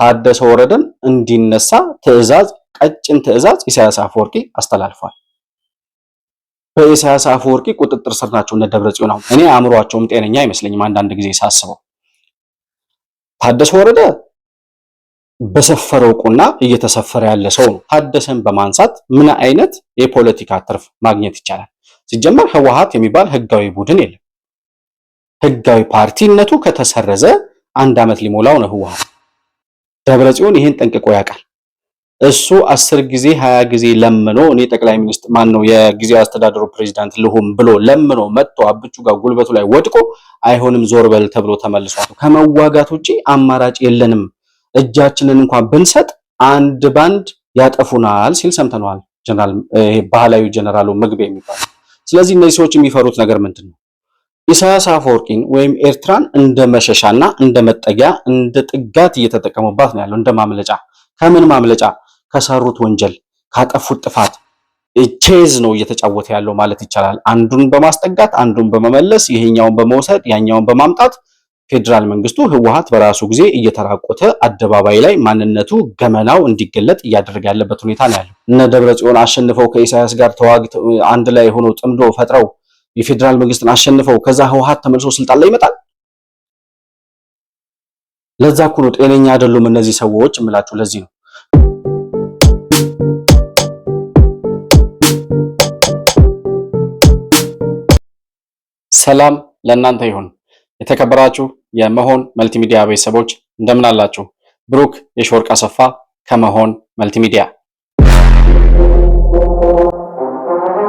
ታደሰ ወረደን እንዲነሳ ትዕዛዝ፣ ቀጭን ትዕዛዝ ኢሳያስ አፈወርቂ አስተላልፏል። በኢሳያስ አፈወርቂ ቁጥጥር ስር ናቸው እነ ደብረ ጽዮን። እኔ አእምሯቸውም ጤነኛ አይመስለኝም አንዳንድ ጊዜ ሳስበው። ታደሰ ወረደ በሰፈረው ቁና እየተሰፈረ ያለ ሰው ነው። ታደሰን በማንሳት ምን አይነት የፖለቲካ ትርፍ ማግኘት ይቻላል? ሲጀመር ህወሓት የሚባል ህጋዊ ቡድን የለም። ህጋዊ ፓርቲነቱ ከተሰረዘ አንድ ዓመት ሊሞላው ነው ህወሓት ደብረ ጽዮን ይሄን ጠንቅቆ ያውቃል። እሱ አስር ጊዜ ሀያ ጊዜ ለምኖ እኔ ጠቅላይ ሚኒስትር ማን ነው የጊዜያዊ አስተዳደሩ ፕሬዚዳንት ልሁም ብሎ ለምኖ መጥቶ አብቹ ጋር ጉልበቱ ላይ ወድቆ አይሆንም ዞር በል ተብሎ ተመልሷል። ከመዋጋት ውጪ አማራጭ የለንም፣ እጃችንን እንኳን ብንሰጥ አንድ ባንድ ያጠፉናል ሲል ሰምተነዋል። ጀነራል ባህላዊ ጀነራሉ ምግብ የሚባል ስለዚህ እነዚህ ሰዎች የሚፈሩት ነገር ምንድን ነው? ኢሳያስ አፈወርቂን ወይም ኤርትራን እንደ መሸሻና እንደ መጠጊያ እንደ ጥጋት እየተጠቀሙባት ነው ያለው። እንደ ማምለጫ ከምን ማምለጫ? ከሰሩት ወንጀል ካጠፉት ጥፋት ቼዝ ነው እየተጫወተ ያለው ማለት ይቻላል። አንዱን በማስጠጋት አንዱን በመመለስ ይሄኛውን በመውሰድ ያኛውን በማምጣት ፌዴራል መንግስቱ ህወሀት በራሱ ጊዜ እየተራቆተ አደባባይ ላይ ማንነቱ ገመናው እንዲገለጥ እያደረገ ያለበት ሁኔታ ነው ያለው። እነ ደብረ ጽዮን አሸንፈው ከኢሳያስ ጋር ተዋግተው አንድ ላይ ሆኖ ጥምዶ ፈጥረው የፌዴራል መንግስትን አሸንፈው ከዛ ህወሓት ተመልሶ ስልጣን ላይ ይመጣል። ለዛ እኮ ነው ጤነኛ አይደሉም እነዚህ ሰዎች እምላችሁ። ለዚህ ነው ሰላም ለእናንተ ይሁን። የተከበራችሁ የመሆን መልቲሚዲያ ቤተሰቦች እንደምን አላችሁ? ብሩክ የሾርቅ አሰፋ ከመሆን መልቲሚዲያ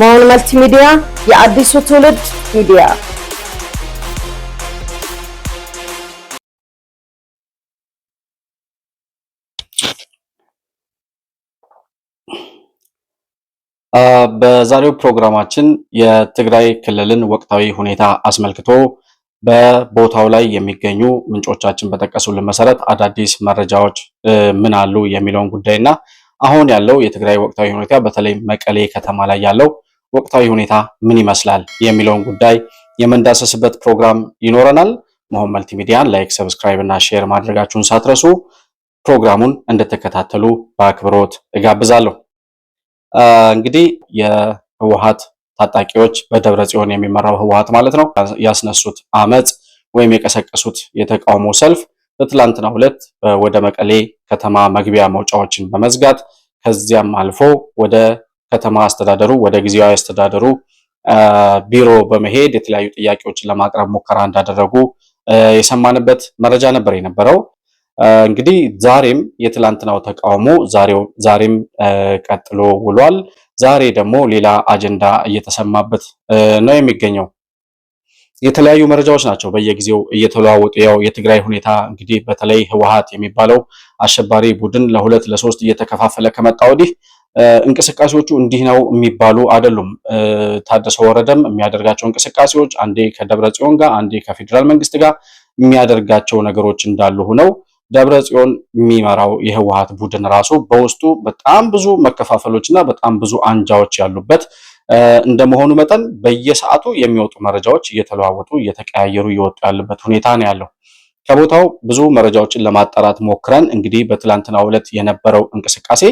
መሆን መልቲ የአዲሱ ትውልድ ሚዲያ። በዛሬው ፕሮግራማችን የትግራይ ክልልን ወቅታዊ ሁኔታ አስመልክቶ በቦታው ላይ የሚገኙ ምንጮቻችን በጠቀሱልን መሰረት አዳዲስ መረጃዎች ምን አሉ የሚለውን ጉዳይና አሁን ያለው የትግራይ ወቅታዊ ሁኔታ በተለይ መቀሌ ከተማ ላይ ያለው ወቅታዊ ሁኔታ ምን ይመስላል የሚለውን ጉዳይ የምንዳሰስበት ፕሮግራም ይኖረናል። መሆን መልቲሚዲያን ላይክ፣ ሰብስክራይብ እና ሼር ማድረጋችሁን ሳትረሱ ፕሮግራሙን እንድትከታተሉ በአክብሮት እጋብዛለሁ። እንግዲህ የህወሀት ታጣቂዎች በደብረ ጽዮን የሚመራው ህወሀት ማለት ነው ያስነሱት አመፅ ወይም የቀሰቀሱት የተቃውሞ ሰልፍ በትላንትና ሁለት ወደ መቀሌ ከተማ መግቢያ መውጫዎችን በመዝጋት ከዚያም አልፎ ወደ ከተማ አስተዳደሩ ወደ ጊዜያዊ አስተዳደሩ ቢሮ በመሄድ የተለያዩ ጥያቄዎችን ለማቅረብ ሙከራ እንዳደረጉ የሰማንበት መረጃ ነበር የነበረው። እንግዲህ ዛሬም የትላንትናው ተቃውሞ ዛሬም ቀጥሎ ውሏል። ዛሬ ደግሞ ሌላ አጀንዳ እየተሰማበት ነው የሚገኘው። የተለያዩ መረጃዎች ናቸው በየጊዜው እየተለዋወጡ ያው የትግራይ ሁኔታ እንግዲህ በተለይ ህወሓት የሚባለው አሸባሪ ቡድን ለሁለት ለሶስት እየተከፋፈለ ከመጣ ወዲህ እንቅስቃሴዎቹ እንዲህ ነው የሚባሉ አይደሉም። ታደሰ ወረደም የሚያደርጋቸው እንቅስቃሴዎች አንዴ ከደብረ ጽዮን ጋር አንዴ ከፌዴራል መንግስት ጋር የሚያደርጋቸው ነገሮች እንዳሉ ሆነው ደብረ ጽዮን የሚመራው የህወሀት ቡድን ራሱ በውስጡ በጣም ብዙ መከፋፈሎች እና በጣም ብዙ አንጃዎች ያሉበት እንደመሆኑ መጠን በየሰዓቱ የሚወጡ መረጃዎች እየተለዋወጡ እየተቀያየሩ እየወጡ ያለበት ሁኔታ ነው ያለው። ከቦታው ብዙ መረጃዎችን ለማጣራት ሞክረን እንግዲህ በትላንትና ዕለት የነበረው እንቅስቃሴ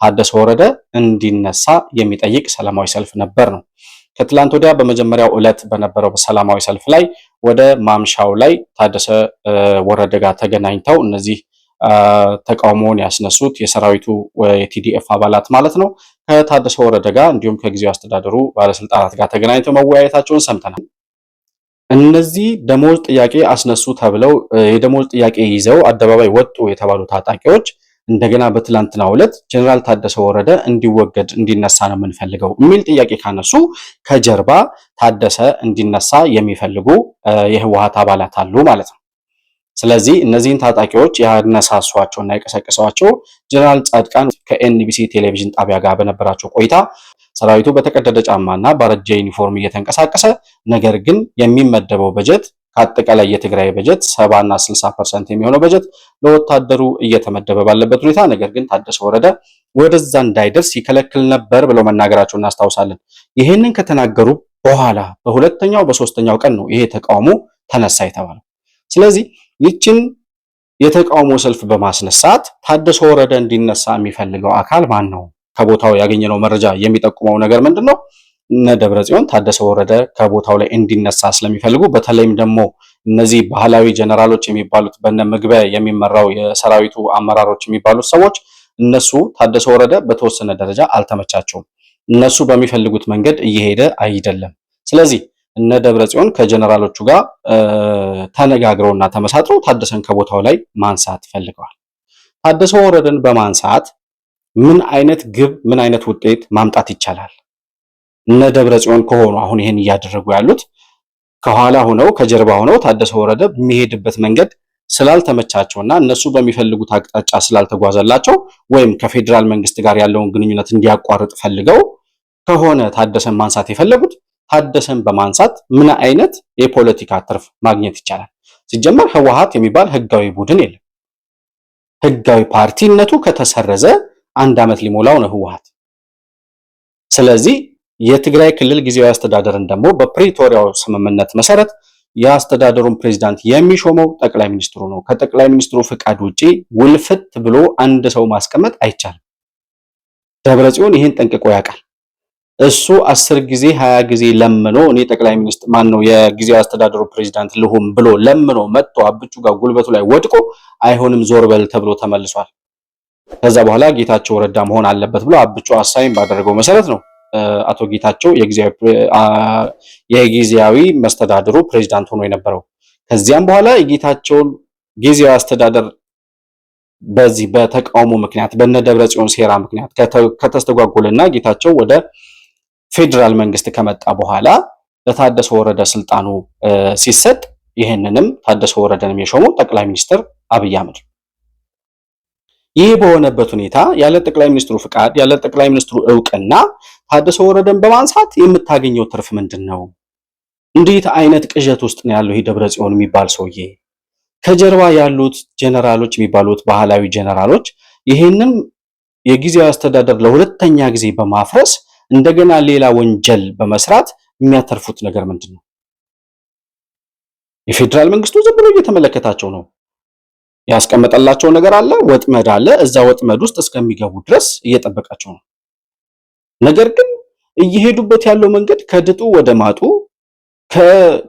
ታደሰ ወረደ እንዲነሳ የሚጠይቅ ሰላማዊ ሰልፍ ነበር ነው። ከትላንት ወዲያ በመጀመሪያው ዕለት በነበረው ሰላማዊ ሰልፍ ላይ ወደ ማምሻው ላይ ታደሰ ወረደ ጋር ተገናኝተው እነዚህ ተቃውሞውን ያስነሱት የሰራዊቱ የቲዲኤፍ አባላት ማለት ነው ከታደሰ ወረደ ጋር እንዲሁም ከጊዜው አስተዳደሩ ባለስልጣናት ጋር ተገናኝተው መወያየታቸውን ሰምተናል። እነዚህ ደሞዝ ጥያቄ አስነሱ ተብለው የደሞዝ ጥያቄ ይዘው አደባባይ ወጡ የተባሉ ታጣቂዎች እንደገና በትላንትና ዕለት ጀኔራል ታደሰ ወረደ እንዲወገድ እንዲነሳ ነው የምንፈልገው የሚል ጥያቄ ካነሱ ከጀርባ ታደሰ እንዲነሳ የሚፈልጉ የህወሀት አባላት አሉ ማለት ነው። ስለዚህ እነዚህን ታጣቂዎች ያነሳሷቸው እና ጀነራል ጻድቃን ከኤንቢሲ ቴሌቪዥን ጣቢያ ጋር በነበራቸው ቆይታ ሰራዊቱ በተቀደደ ጫማና ባረጀ ዩኒፎርም እየተንቀሳቀሰ ነገር ግን የሚመደበው በጀት ከአጠቃላይ የትግራይ በጀት ሰባና ስልሳ ፐርሰንት የሚሆነው በጀት ለወታደሩ እየተመደበ ባለበት ሁኔታ ነገር ግን ታደሰ ወረደ ወደዛ እንዳይደርስ ይከለክል ነበር ብለው መናገራቸው እናስታውሳለን። ይህንን ከተናገሩ በኋላ በሁለተኛው በሶስተኛው ቀን ነው ይሄ ተቃውሞ ተነሳ የተባለው። ስለዚህ ይችን የተቃውሞ ሰልፍ በማስነሳት ታደሰ ወረደ እንዲነሳ የሚፈልገው አካል ማን ነው? ከቦታው ያገኘነው መረጃ የሚጠቁመው ነገር ምንድን ነው? እነ ደብረ ጽዮን ታደሰ ወረደ ከቦታው ላይ እንዲነሳ ስለሚፈልጉ በተለይም ደግሞ እነዚህ ባህላዊ ጀነራሎች የሚባሉት በነ ምግበ የሚመራው የሰራዊቱ አመራሮች የሚባሉት ሰዎች እነሱ ታደሰ ወረደ በተወሰነ ደረጃ አልተመቻቸውም። እነሱ በሚፈልጉት መንገድ እየሄደ አይደለም። ስለዚህ እነ ደብረ ጽዮን ከጀነራሎቹ ጋር ተነጋግረውና ተመሳጥረው ታደሰን ከቦታው ላይ ማንሳት ፈልገዋል። ታደሰ ወረደን በማንሳት ምን አይነት ግብ ምን አይነት ውጤት ማምጣት ይቻላል? እነ ደብረ ጽዮን ከሆኑ አሁን ይሄን እያደረጉ ያሉት ከኋላ ሆነው ከጀርባ ሆነው ታደሰ ወረደ የሚሄድበት መንገድ ስላልተመቻቸውና እነሱ በሚፈልጉት አቅጣጫ ስላልተጓዘላቸው ወይም ከፌዴራል መንግስት ጋር ያለውን ግንኙነት እንዲያቋርጥ ፈልገው ከሆነ ታደሰን ማንሳት የፈለጉት ታደሰን በማንሳት ምን አይነት የፖለቲካ ትርፍ ማግኘት ይቻላል? ሲጀመር ህወሓት የሚባል ህጋዊ ቡድን የለም። ህጋዊ ፓርቲነቱ ከተሰረዘ አንድ ዓመት ሊሞላው ነው ህወሓት። ስለዚህ የትግራይ ክልል ጊዜያዊ አስተዳደርን ደግሞ በፕሪቶሪያው ስምምነት መሰረት የአስተዳደሩን ፕሬዚዳንት የሚሾመው ጠቅላይ ሚኒስትሩ ነው። ከጠቅላይ ሚኒስትሩ ፍቃድ ውጪ ውልፍት ብሎ አንድ ሰው ማስቀመጥ አይቻልም። ደብረ ጽዮን ይህን ጠንቅቆ ያውቃል። እሱ አስር ጊዜ ሀያ ጊዜ ለምኖ እኔ ጠቅላይ ሚኒስትር ማን ነው የጊዜያዊ አስተዳደሩ ፕሬዚዳንት ልሁም ብሎ ለምኖ መጥቶ አብቹ ጋር ጉልበቱ ላይ ወድቆ አይሆንም ዞር በል ተብሎ ተመልሷል። ከዛ በኋላ ጌታቸው ረዳ መሆን አለበት ብሎ አብጩ አሳይን ባደረገው መሰረት ነው አቶ ጌታቸው የጊዜያዊ መስተዳድሩ ፕሬዚዳንት ሆኖ የነበረው። ከዚያም በኋላ የጌታቸውን ጊዜያዊ አስተዳደር በዚህ በተቃውሞ ምክንያት በነ ደብረ ጽዮን ሴራ ምክንያት ከተስተጓጎለና ጌታቸው ወደ ፌዴራል መንግስት ከመጣ በኋላ ለታደሰ ወረደ ስልጣኑ ሲሰጥ ይህንንም ታደሰ ወረደንም የሾመው ጠቅላይ ሚኒስትር አብይ አህመድ ይህ በሆነበት ሁኔታ ያለ ጠቅላይ ሚኒስትሩ ፍቃድ፣ ያለ ጠቅላይ ሚኒስትሩ እውቅና ታደሰ ወረደን በማንሳት የምታገኘው ትርፍ ምንድን ነው? እንዴት አይነት ቅዠት ውስጥ ነው ያለው ይህ ደብረ ጽዮን የሚባል ሰውዬ? ከጀርባ ያሉት ጀነራሎች የሚባሉት ባህላዊ ጀነራሎች ይህንን የጊዜያዊ አስተዳደር ለሁለተኛ ጊዜ በማፍረስ እንደገና ሌላ ወንጀል በመስራት የሚያተርፉት ነገር ምንድን ነው? የፌዴራል መንግስቱ ዝም ብሎ እየተመለከታቸው ነው። ያስቀመጠላቸው ነገር አለ፣ ወጥመድ አለ። እዛ ወጥመድ ውስጥ እስከሚገቡ ድረስ እየጠበቃቸው ነው። ነገር ግን እየሄዱበት ያለው መንገድ ከድጡ ወደ ማጡ፣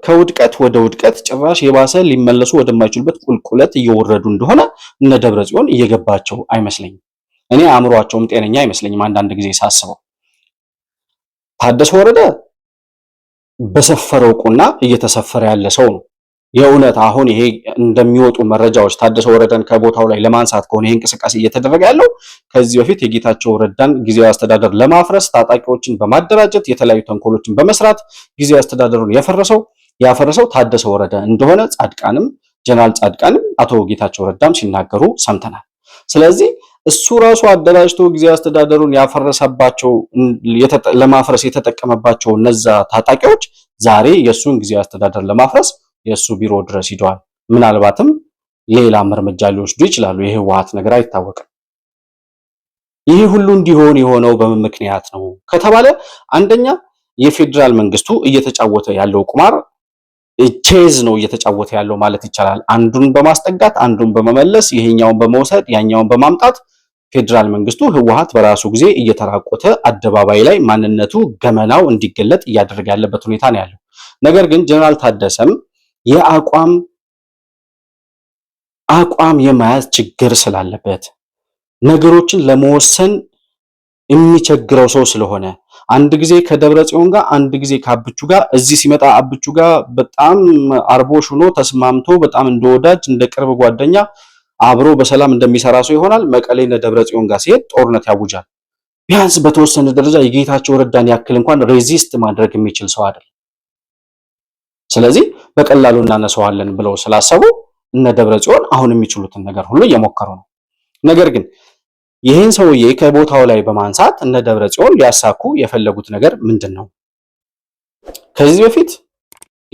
ከውድቀት ወደ ውድቀት፣ ጭራሽ የባሰ ሊመለሱ ወደማይችሉበት ቁልቁለት እየወረዱ እንደሆነ እነ ደብረ ጽዮን እየገባቸው አይመስለኝም። እኔ አእምሯቸውም ጤነኛ አይመስለኝም። አንዳንድ ጊዜ ሳስበው ታደሰ ወረደ በሰፈረው ቁና እየተሰፈረ ያለ ሰው ነው። የእውነት አሁን ይሄ እንደሚወጡ መረጃዎች ታደሰ ወረደን ከቦታው ላይ ለማንሳት ከሆነ ይሄ እንቅስቃሴ እየተደረገ ያለው ከዚህ በፊት የጌታቸው ረዳን ጊዜያዊ አስተዳደር ለማፍረስ ታጣቂዎችን በማደራጀት የተለያዩ ተንኮሎችን በመስራት ጊዜያዊ አስተዳደሩን የፈረሰው ያፈረሰው ታደሰ ወረደ እንደሆነ ጻድቃንም ጀነራል ጻድቃንም አቶ ጌታቸው ረዳም ሲናገሩ ሰምተናል። ስለዚህ እሱ ራሱ አደራጅቶ ጊዜያዊ አስተዳደሩን ያፈረሰባቸው ለማፍረስ የተጠቀመባቸው እነዛ ታጣቂዎች ዛሬ የእሱን ጊዜያዊ አስተዳደር ለማፍረስ የእሱ ቢሮ ድረስ ሂደዋል። ምናልባትም ሌላም እርምጃ ሊወስዱ ይችላሉ። የህወሓት ነገር አይታወቅም። ይህ ሁሉ እንዲሆን የሆነው በምን ምክንያት ነው ከተባለ አንደኛ የፌዴራል መንግስቱ እየተጫወተ ያለው ቁማር ቼዝ ነው እየተጫወተ ያለው ማለት ይቻላል። አንዱን በማስጠጋት አንዱን በመመለስ ይሄኛውን በመውሰድ ያኛውን በማምጣት ፌዴራል መንግስቱ ህወሓት በራሱ ጊዜ እየተራቆተ አደባባይ ላይ ማንነቱ ገመናው እንዲገለጥ እያደረገ ያለበት ሁኔታ ነው ያለው። ነገር ግን ጀነራል ታደሰም የአቋም አቋም የመያዝ ችግር ስላለበት ነገሮችን ለመወሰን የሚቸግረው ሰው ስለሆነ አንድ ጊዜ ከደብረ ጽዮን ጋር አንድ ጊዜ ከአብቹ ጋር እዚህ ሲመጣ አብቹ ጋር በጣም አርቦሽ ሆኖ ተስማምቶ በጣም እንደ ወዳጅ እንደ ቅርብ ጓደኛ አብሮ በሰላም እንደሚሰራ ሰው ይሆናል። መቀሌ ለደብረ ጽዮን ጋር ሲሄድ ጦርነት ያውጃል። ቢያንስ በተወሰነ ደረጃ የጌታቸው ረዳን ያክል እንኳን ሬዚስት ማድረግ የሚችል ሰው አይደለም። ስለዚህ በቀላሉ እናነሰዋለን ብለው ስላሰቡ እነ ደብረ ጽዮን አሁን የሚችሉትን ነገር ሁሉ እየሞከሩ ነው። ነገር ግን ይህን ሰውዬ ከቦታው ላይ በማንሳት እነ ደብረ ጽዮን ሊያሳኩ የፈለጉት ነገር ምንድን ነው? ከዚህ በፊት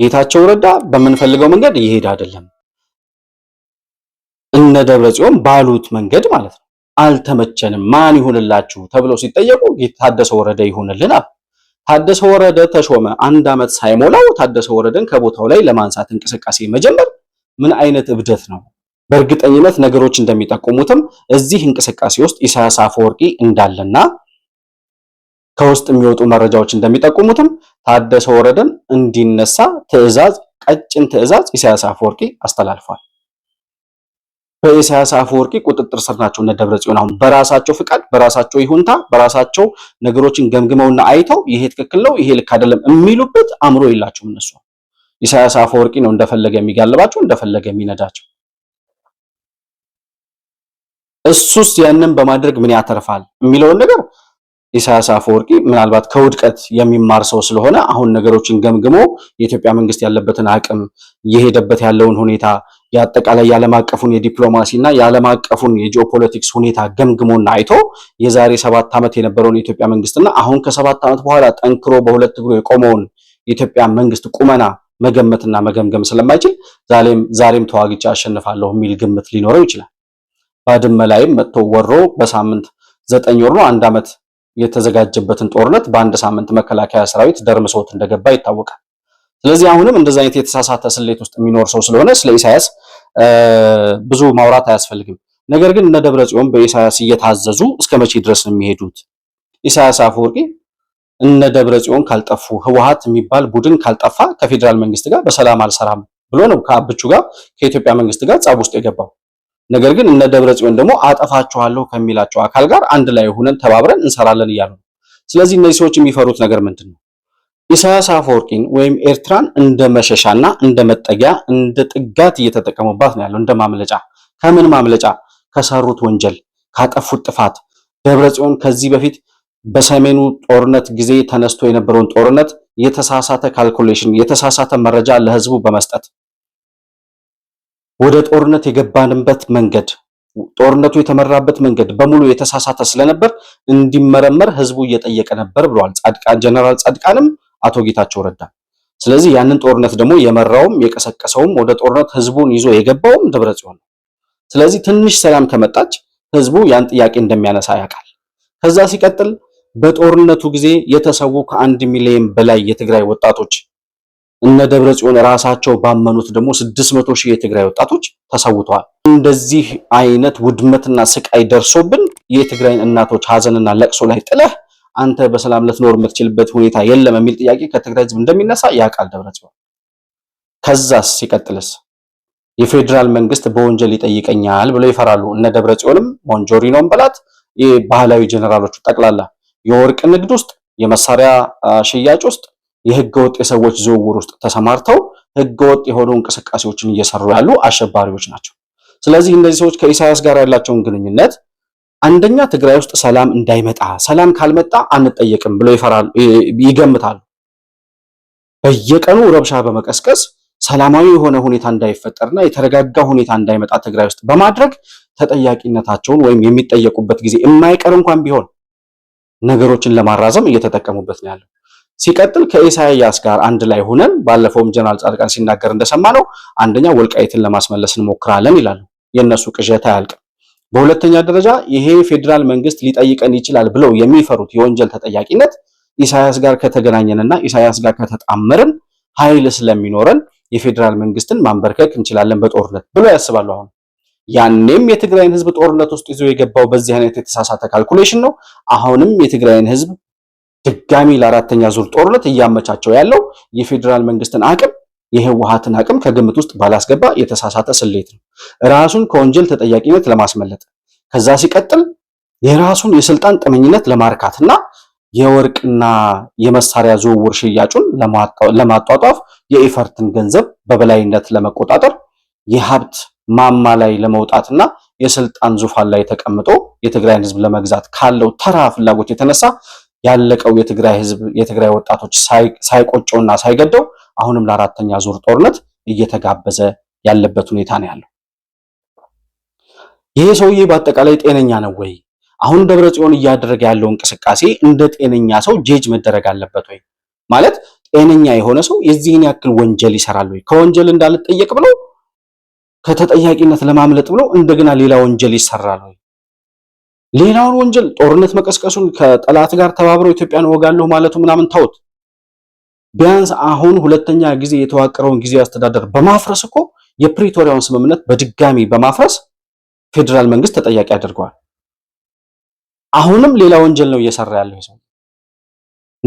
ጌታቸው ረዳ በምንፈልገው መንገድ ይሄድ አይደለም፣ እነ ደብረ ጽዮን ባሉት መንገድ ማለት ነው። አልተመቸንም፣ ማን ይሁንላችሁ ተብለው ሲጠየቁ ታደሰ ወረደ ይሁንልናል። ታደሰ ወረደ ተሾመ አንድ ዓመት ሳይሞላው ታደሰ ወረደን ከቦታው ላይ ለማንሳት እንቅስቃሴ መጀመር ምን አይነት እብደት ነው? በእርግጠኝነት ነገሮች እንደሚጠቁሙትም እዚህ እንቅስቃሴ ውስጥ ኢሳያስ አፈወርቂ እንዳለና ከውስጥ የሚወጡ መረጃዎች እንደሚጠቁሙትም ታደሰ ወረደን እንዲነሳ ትዕዛዝ፣ ቀጭን ትዕዛዝ ኢሳያስ አፈወርቂ አስተላልፏል። በኢሳያስ አፈወርቂ ቁጥጥር ስር ናቸው እነ ደብረ ጽዮን። አሁን በራሳቸው ፍቃድ፣ በራሳቸው ይሁንታ፣ በራሳቸው ነገሮችን ገምግመውና አይተው ይሄ ትክክል ነው፣ ይሄ ልክ አይደለም የሚሉበት አእምሮ የላቸውም እነሱ። ኢሳያስ አፈወርቂ ነው እንደፈለገ የሚጋልባቸው እንደፈለገ የሚነዳቸው። እሱስ ያንን በማድረግ ምን ያተርፋል የሚለውን ነገር ኢሳያስ አፈወርቂ ምናልባት ከውድቀት የሚማር ሰው ስለሆነ አሁን ነገሮችን ገምግሞ የኢትዮጵያ መንግስት ያለበትን አቅም እየሄደበት ያለውን ሁኔታ የአጠቃላይ የዓለም አቀፉን የዲፕሎማሲ እና የዓለም አቀፉን የጂኦፖለቲክስ ሁኔታ ገምግሞና አይቶ የዛሬ ሰባት ዓመት የነበረውን የኢትዮጵያ መንግስትና አሁን ከሰባት ዓመት በኋላ ጠንክሮ በሁለት እግሩ የቆመውን የኢትዮጵያ መንግስት ቁመና መገመትና መገምገም ስለማይችል ዛሬም ተዋግቼ አሸንፋለሁ የሚል ግምት ሊኖረው ይችላል። ባድመ ላይም መጥቶ ወሮ በሳምንት ዘጠኝ ወር ነው አንድ ዓመት የተዘጋጀበትን ጦርነት በአንድ ሳምንት መከላከያ ሰራዊት ደርምሶት እንደገባ ይታወቃል። ስለዚህ አሁንም እንደዚ አይነት የተሳሳተ ስሌት ውስጥ የሚኖር ሰው ስለሆነ ስለ ኢሳያስ ብዙ ማውራት አያስፈልግም። ነገር ግን እነ ደብረ ጽዮን በኢሳያስ እየታዘዙ እስከ መቼ ድረስ ነው የሚሄዱት? ኢሳያስ አፈወርቂ እነ ደብረ ጽዮን ካልጠፉ ህወሀት የሚባል ቡድን ካልጠፋ ከፌዴራል መንግስት ጋር በሰላም አልሰራም ብሎ ነው ከአብቹ ጋር ከኢትዮጵያ መንግስት ጋር ጻብ ውስጥ የገባው። ነገር ግን እነ ደብረ ጽዮን ደግሞ አጠፋችኋለሁ ከሚላቸው አካል ጋር አንድ ላይ ሆነን ተባብረን እንሰራለን እያሉ ነው። ስለዚህ እነዚህ ሰዎች የሚፈሩት ነገር ምንድን ነው? ኢሳያስ አፈወርቂን ወይም ኤርትራን እንደ መሸሻና እንደ መጠጊያ እንደ ጥጋት እየተጠቀሙባት ነው ያለው። እንደ ማምለጫ ከምን ማምለጫ? ከሰሩት ወንጀል፣ ካጠፉት ጥፋት። ደብረ ጽዮን ከዚህ በፊት በሰሜኑ ጦርነት ጊዜ ተነስቶ የነበረውን ጦርነት የተሳሳተ ካልኩሌሽን፣ የተሳሳተ መረጃ ለህዝቡ በመስጠት ወደ ጦርነት የገባንበት መንገድ ጦርነቱ የተመራበት መንገድ በሙሉ የተሳሳተ ስለነበር እንዲመረመር ህዝቡ እየጠየቀ ነበር ብለዋል። ጻድቃን ጀነራል ጻድቃንም አቶ ጌታቸው ረዳ። ስለዚህ ያንን ጦርነት ደግሞ የመራውም የቀሰቀሰውም ወደ ጦርነት ህዝቡን ይዞ የገባውም ደብረጽዮን ነው። ስለዚህ ትንሽ ሰላም ከመጣች ህዝቡ ያን ጥያቄ እንደሚያነሳ ያውቃል። ከዛ ሲቀጥል በጦርነቱ ጊዜ የተሰዉ ከአንድ ሚሊዮን በላይ የትግራይ ወጣቶች እነ ጽዮን ራሳቸው ባመኑት ደግሞ 600 ሺህ የትግራይ ወጣቶች ተሰውተዋል። እንደዚህ አይነት ውድመትና ስቃይ ደርሶብን የትግራይን እናቶች ሀዘንና ለቅሶ ላይ ጥለህ አንተ በሰላም ልትኖር የምትችልበት ሁኔታ የለም የሚል ጥያቄ ከትግራይ ህዝብ እንደሚነሳ ያውቃል ደብረጽዮን። ከዛስ ሲቀጥልስ የፌዴራል መንግስት በወንጀል ይጠይቀኛል ብለው ይፈራሉ። እነ ደብረጽዮንም ሞንጆሪኖም በላት ባህላዊ ጀነራሎቹ ጠቅላላ የወርቅ ንግድ ውስጥ፣ የመሳሪያ ሽያጭ ውስጥ፣ የህገወጥ የሰዎች ዝውውር ውስጥ ተሰማርተው ህገወጥ የሆኑ እንቅስቃሴዎችን እየሰሩ ያሉ አሸባሪዎች ናቸው። ስለዚህ እነዚህ ሰዎች ከኢሳያስ ጋር ያላቸውን ግንኙነት አንደኛ ትግራይ ውስጥ ሰላም እንዳይመጣ፣ ሰላም ካልመጣ አንጠየቅም ብለው ይፈራሉ፣ ይገምታሉ። በየቀኑ ረብሻ በመቀስቀስ ሰላማዊ የሆነ ሁኔታ እንዳይፈጠርና የተረጋጋ ሁኔታ እንዳይመጣ ትግራይ ውስጥ በማድረግ ተጠያቂነታቸውን ወይም የሚጠየቁበት ጊዜ የማይቀር እንኳን ቢሆን ነገሮችን ለማራዘም እየተጠቀሙበት ነው ያለው። ሲቀጥል ከኢሳያስ ጋር አንድ ላይ ሆነን ባለፈውም ጀነራል ጻድቃን ሲናገር እንደሰማ ነው አንደኛ ወልቃይትን ለማስመለስ እንሞክራለን ይላሉ። የእነሱ ቅዠት አያልቅም። በሁለተኛ ደረጃ ይሄ ፌዴራል መንግስት ሊጠይቀን ይችላል ብለው የሚፈሩት የወንጀል ተጠያቂነት ኢሳያስ ጋር ከተገናኘንና ኢሳያስ ጋር ከተጣመርን ኃይል ስለሚኖረን የፌዴራል መንግስትን ማንበርከክ እንችላለን በጦርነት ብሎ ያስባሉ። አሁን ያኔም የትግራይን ህዝብ ጦርነት ውስጥ ይዞ የገባው በዚህ አይነት የተሳሳተ ካልኩሌሽን ነው። አሁንም የትግራይን ህዝብ ድጋሚ ለአራተኛ ዙር ጦርነት እያመቻቸው ያለው የፌዴራል መንግስትን አቅም የህወሓትን አቅም ከግምት ውስጥ ባላስገባ የተሳሳተ ስሌት ነው፣ ራሱን ከወንጀል ተጠያቂነት ለማስመለጥ ከዛ ሲቀጥል የራሱን የስልጣን ጥመኝነት ለማርካትና የወርቅና የመሳሪያ ዝውውር ሽያጩን ለማጧጧፍ የኢፈርትን ገንዘብ በበላይነት ለመቆጣጠር የሀብት ማማ ላይ ለመውጣትና የስልጣን ዙፋን ላይ ተቀምጦ የትግራይን ህዝብ ለመግዛት ካለው ተራ ፍላጎት የተነሳ ያለቀው የትግራይ ህዝብ የትግራይ ወጣቶች ሳይቆጨውና ሳይገደው አሁንም ለአራተኛ ዙር ጦርነት እየተጋበዘ ያለበት ሁኔታ ነው ያለው። ይሄ ሰውዬ በአጠቃላይ ጤነኛ ነው ወይ? አሁን ደብረ ጽዮን እያደረገ ያለው እንቅስቃሴ እንደ ጤነኛ ሰው ጄጅ መደረግ አለበት ወይ? ማለት ጤነኛ የሆነ ሰው የዚህን ያክል ወንጀል ይሰራል ወይ? ከወንጀል እንዳልጠየቅ ብሎ ከተጠያቂነት ለማምለጥ ብሎ እንደገና ሌላ ወንጀል ይሰራል ወይ? ሌላውን ወንጀል ጦርነት መቀስቀሱን ከጠላት ጋር ተባብረው ኢትዮጵያን ወጋለሁ ማለቱ ምናምን ታውት ቢያንስ አሁን ሁለተኛ ጊዜ የተዋቀረውን ጊዜ አስተዳደር በማፍረስ እኮ የፕሪቶሪያውን ስምምነት በድጋሚ በማፍረስ ፌዴራል መንግስት ተጠያቂ አድርገዋል። አሁንም ሌላ ወንጀል ነው እየሰራ ያለው ሰው።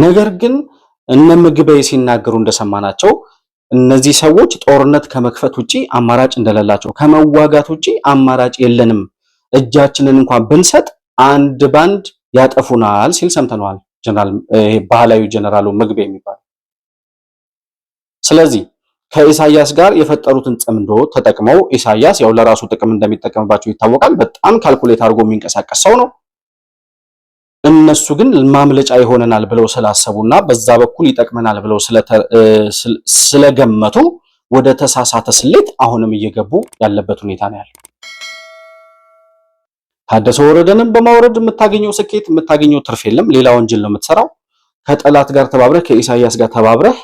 ነገር ግን እነ ምግበይ ሲናገሩ እንደሰማናቸው እነዚህ ሰዎች ጦርነት ከመክፈት ውጪ አማራጭ እንደሌላቸው ከመዋጋት ውጪ አማራጭ የለንም፣ እጃችንን እንኳን ብንሰጥ አንድ ባንድ ያጠፉናል ሲል ሰምተነዋል። ባህላዊ ጀነራሉ ምግበይ የሚባል ስለዚህ ከኢሳያስ ጋር የፈጠሩትን ጽምዶ ተጠቅመው ኢሳያስ ያው ለራሱ ጥቅም እንደሚጠቀምባቸው ይታወቃል። በጣም ካልኩሌት አድርጎ የሚንቀሳቀስ ሰው ነው። እነሱ ግን ማምለጫ ይሆነናል ብለው ስላሰቡና በዛ በኩል ይጠቅመናል ብለው ስለገመቱ ወደ ተሳሳተ ስሌት አሁንም እየገቡ ያለበት ሁኔታ ነው ያለው። ታደሰ ወረደንም በማውረድ የምታገኘው ስኬት የምታገኘው ትርፍ የለም። ሌላ ወንጀል ነው የምትሰራው። ከጠላት ጋር ተባብረህ ከኢሳያስ ጋር ተባብረህ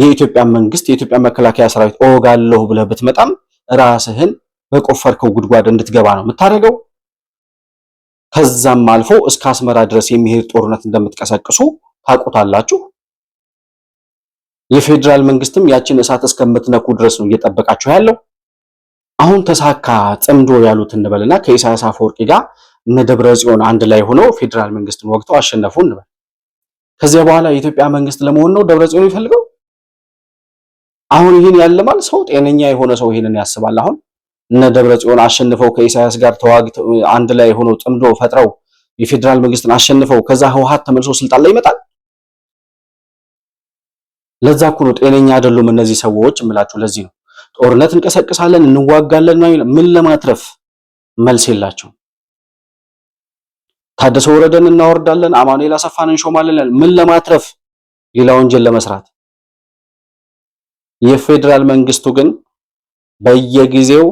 የኢትዮጵያ መንግስት የኢትዮጵያ መከላከያ ሰራዊት እወጋለሁ ብለህ ብትመጣም ራስህን በቆፈርከው ጉድጓድ እንድትገባ ነው የምታደርገው። ከዛም አልፎ እስከ አስመራ ድረስ የሚሄድ ጦርነት እንደምትቀሰቅሱ ታውቁታላችሁ። የፌዴራል መንግስትም ያችን እሳት እስከምትነኩ ድረስ ነው እየጠበቃችሁ ያለው። አሁን ተሳካ ጽምዶ ያሉት እንበልና ከኢሳያስ አፈወርቂ ጋር እነ ደብረ ጽዮን አንድ ላይ ሆነው ፌዴራል መንግስትን ወግተው አሸነፉ እንበል። ከዚያ በኋላ የኢትዮጵያ መንግስት ለመሆን ነው ደብረ ጽዮን ይፈልገው አሁን ይህን ያለማል ሰው ጤነኛ የሆነ ሰው ይህንን ያስባል። አሁን እነ ደብረ ጽዮን አሸንፈው ከኢሳያስ ጋር ተዋግተው አንድ ላይ ሆኖ ጥምዶ ፈጥረው የፌዴራል መንግስትን አሸንፈው ከዛ ህወሓት ተመልሶ ስልጣን ላይ ይመጣል። ለዛ እኮ ነው ጤነኛ አይደሉም እነዚህ ሰዎች እምላችሁ። ለዚህ ነው ጦርነት እንቀሰቅሳለን እንዋጋለን፣ ምን ለማትረፍ መልስ የላቸው። ታደሰ ወረደን እናወርዳለን፣ አማኑኤል አሰፋን እንሾማለን፣ ምን ለማትረፍ ሌላ ወንጀል ለመስራት የፌዴራል መንግስቱ ግን በየጊዜው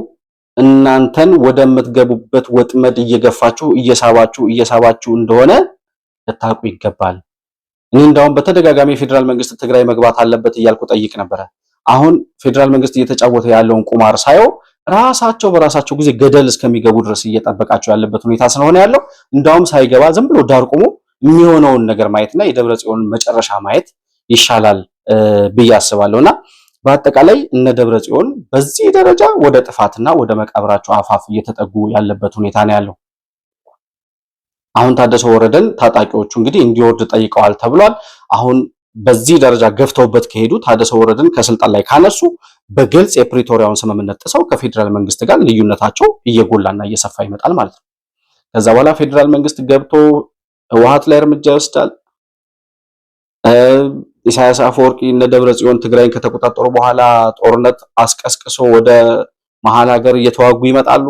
እናንተን ወደምትገቡበት ወጥመድ እየገፋችሁ እየሳባችሁ እየሳባችሁ እንደሆነ ልታውቁ ይገባል። እኔ እንዳውም በተደጋጋሚ የፌዴራል መንግስት ትግራይ መግባት አለበት እያልኩ ጠይቅ ነበረ። አሁን ፌዴራል መንግስት እየተጫወተ ያለውን ቁማር ሳየው ራሳቸው በራሳቸው ጊዜ ገደል እስከሚገቡ ድረስ እየጠበቃቸው ያለበት ሁኔታ ስለሆነ ያለው እንዳውም ሳይገባ ዝም ብሎ ዳር ቆሞ የሚሆነውን ነገር ማየትና የደብረ ጽዮን መጨረሻ ማየት ይሻላል ብዬ አስባለሁ እና በአጠቃላይ እነ ደብረ ጽዮን በዚህ ደረጃ ወደ ጥፋትና ወደ መቃብራቸው አፋፍ እየተጠጉ ያለበት ሁኔታ ነው ያለው። አሁን ታደሰ ወረደን ታጣቂዎቹ እንግዲህ እንዲወርድ ጠይቀዋል ተብሏል። አሁን በዚህ ደረጃ ገፍተውበት ከሄዱ ታደሰ ወረደን ከስልጣን ላይ ካነሱ በግልጽ የፕሪቶሪያውን ስምምነት ጥሰው ከፌዴራል መንግስት ጋር ልዩነታቸው እየጎላና እየሰፋ ይመጣል ማለት ነው። ከዛ በኋላ ፌዴራል መንግስት ገብቶ ህወሓት ላይ እርምጃ ይወስዳል። ኢሳያስ አፈወርቂ እነ ደብረ ጽዮን ትግራይን ከተቆጣጠሩ በኋላ ጦርነት አስቀስቅሶ ወደ መሀል ሀገር እየተዋጉ ይመጣሉ።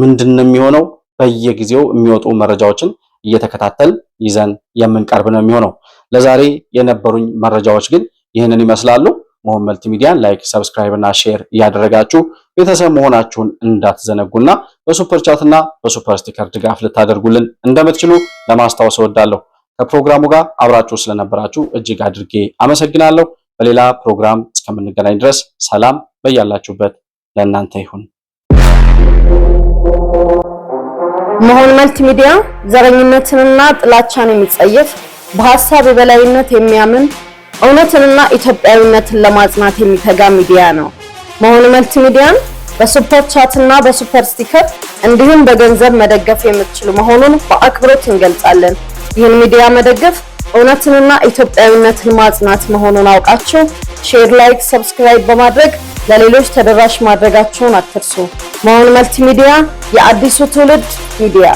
ምንድን ነው የሚሆነው? በየጊዜው የሚወጡ መረጃዎችን እየተከታተል ይዘን የምንቀርብ ነው የሚሆነው። ለዛሬ የነበሩኝ መረጃዎች ግን ይህንን ይመስላሉ። መሆን መልቲ ሚዲያን ላይክ፣ ሰብስክራይብ እና ሼር እያደረጋችሁ ቤተሰብ መሆናችሁን እንዳትዘነጉና በሱፐር ቻት እና በሱፐር ስቲከር ድጋፍ ልታደርጉልን እንደምትችሉ ለማስታወስ እወዳለሁ። ከፕሮግራሙ ጋር አብራችሁ ስለነበራችሁ እጅግ አድርጌ አመሰግናለሁ። በሌላ ፕሮግራም እስከምንገናኝ ድረስ ሰላም በያላችሁበት ለእናንተ ይሁን። መሆን መልቲሚዲያ ሚዲያ ዘረኝነትንና ጥላቻን የሚጸየፍ በሀሳብ የበላይነት የሚያምን እውነትንና ኢትዮጵያዊነትን ለማጽናት የሚተጋ ሚዲያ ነው። መሆን መልቲሚዲያን በሱፐር ቻትና በሱፐር ስቲከር እንዲሁም በገንዘብ መደገፍ የምትችሉ መሆኑን በአክብሮት እንገልጻለን። ይህን ሚዲያ መደገፍ እውነትንና ኢትዮጵያዊነትን ማጽናት መሆኑን አውቃችሁ ሼር፣ ላይክ፣ ሰብስክራይብ በማድረግ ለሌሎች ተደራሽ ማድረጋችሁን አትርሱ። መሆን መልቲሚዲያ ሚዲያ የአዲሱ ትውልድ ሚዲያ